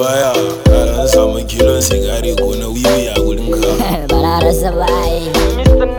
baya Karan samu kilon sigari ko na wiwi a Bara rasa baya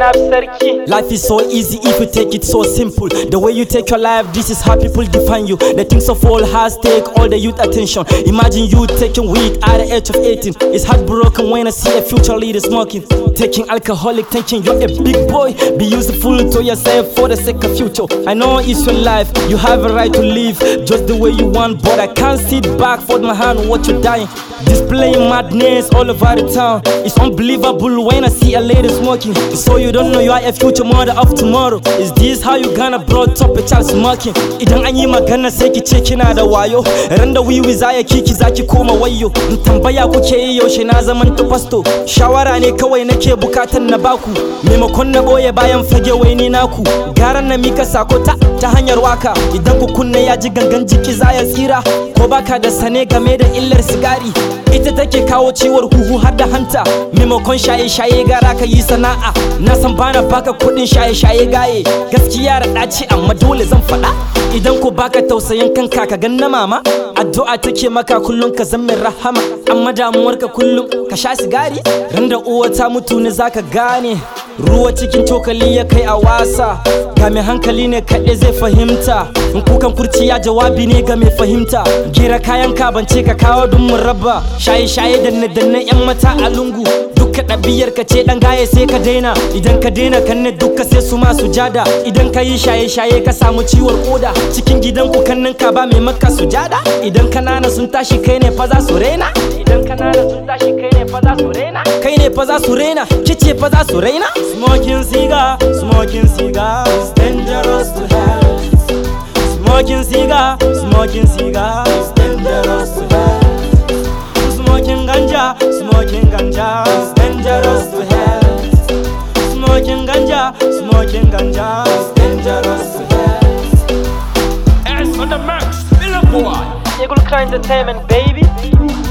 Life is so easy if you take it so simple. The way you take your life, this is how people define you. The things of all has take all the youth attention. Imagine you taking weed at the age of 18. It's heartbroken when I see a future leader smoking. Taking alcoholic, thinking you're a big boy. Be useful to yourself for the sake of future. I know it's your life, you have a right to live just the way you want, but I can't sit back, fold my hand, watch you dying. Displaying madness all over the town. It's unbelievable when I see a lady smoking. So you you don't know you are a future mother of tomorrow is this how you gonna brought up a child smoking idan an yi magana sai ki ce kina da wayo ran da wiwi za ya kiki za ki koma wayo in tambaya kuke yi yaushe na zaman ta fasto shawara ne kawai nake bukatan na baku maimakon na boye bayan fage wai naku garan na mika sako ta hanyar waka idan ku kunna ya ji gangan jiki za ya tsira ko baka da sane game da illar sigari ita take kawo ciwon huhu har da hanta maimakon shaye-shaye gara ka yi sana'a na san bana baka kudin shaye-shaye gaye gaskiya raɗa ce amma dole zan faɗa idan ko baka tausayin kanka ka gan na mama addu'a take maka kullum ka zan rahama amma damuwarka kullum ka sha sigari randa uwa ta mutu ne zaka gane ruwa cikin cokali ya kai a wasa ga mai hankali ne kaɗai zai fahimta in kukan ya jawabi ne ga mai fahimta gira kayan ka bance ka kawo dun murabba shaye shaye danne danne yan mata a lungu duka ɗabiyar ka ce ɗan gaye sai ka daina idan ka daina kanne duka sai su masu jada idan ka yi shaye shaye ka samu ciwon koda cikin gidan ku kannin ka ba mai maka su jada idan kanana sun tashi kai ne fa za su raina idan kanana sun tashi kai ne fa za su raina kai ne fa za su raina kice fa za su raina smoking cigar smoking cigar is dangerous to health smoking cigar smoking cigar is dangerous to health smoking ganja smoking ganja more danger. It's dangerous. S on the max, Billboard. Eagle Cry Entertainment, baby.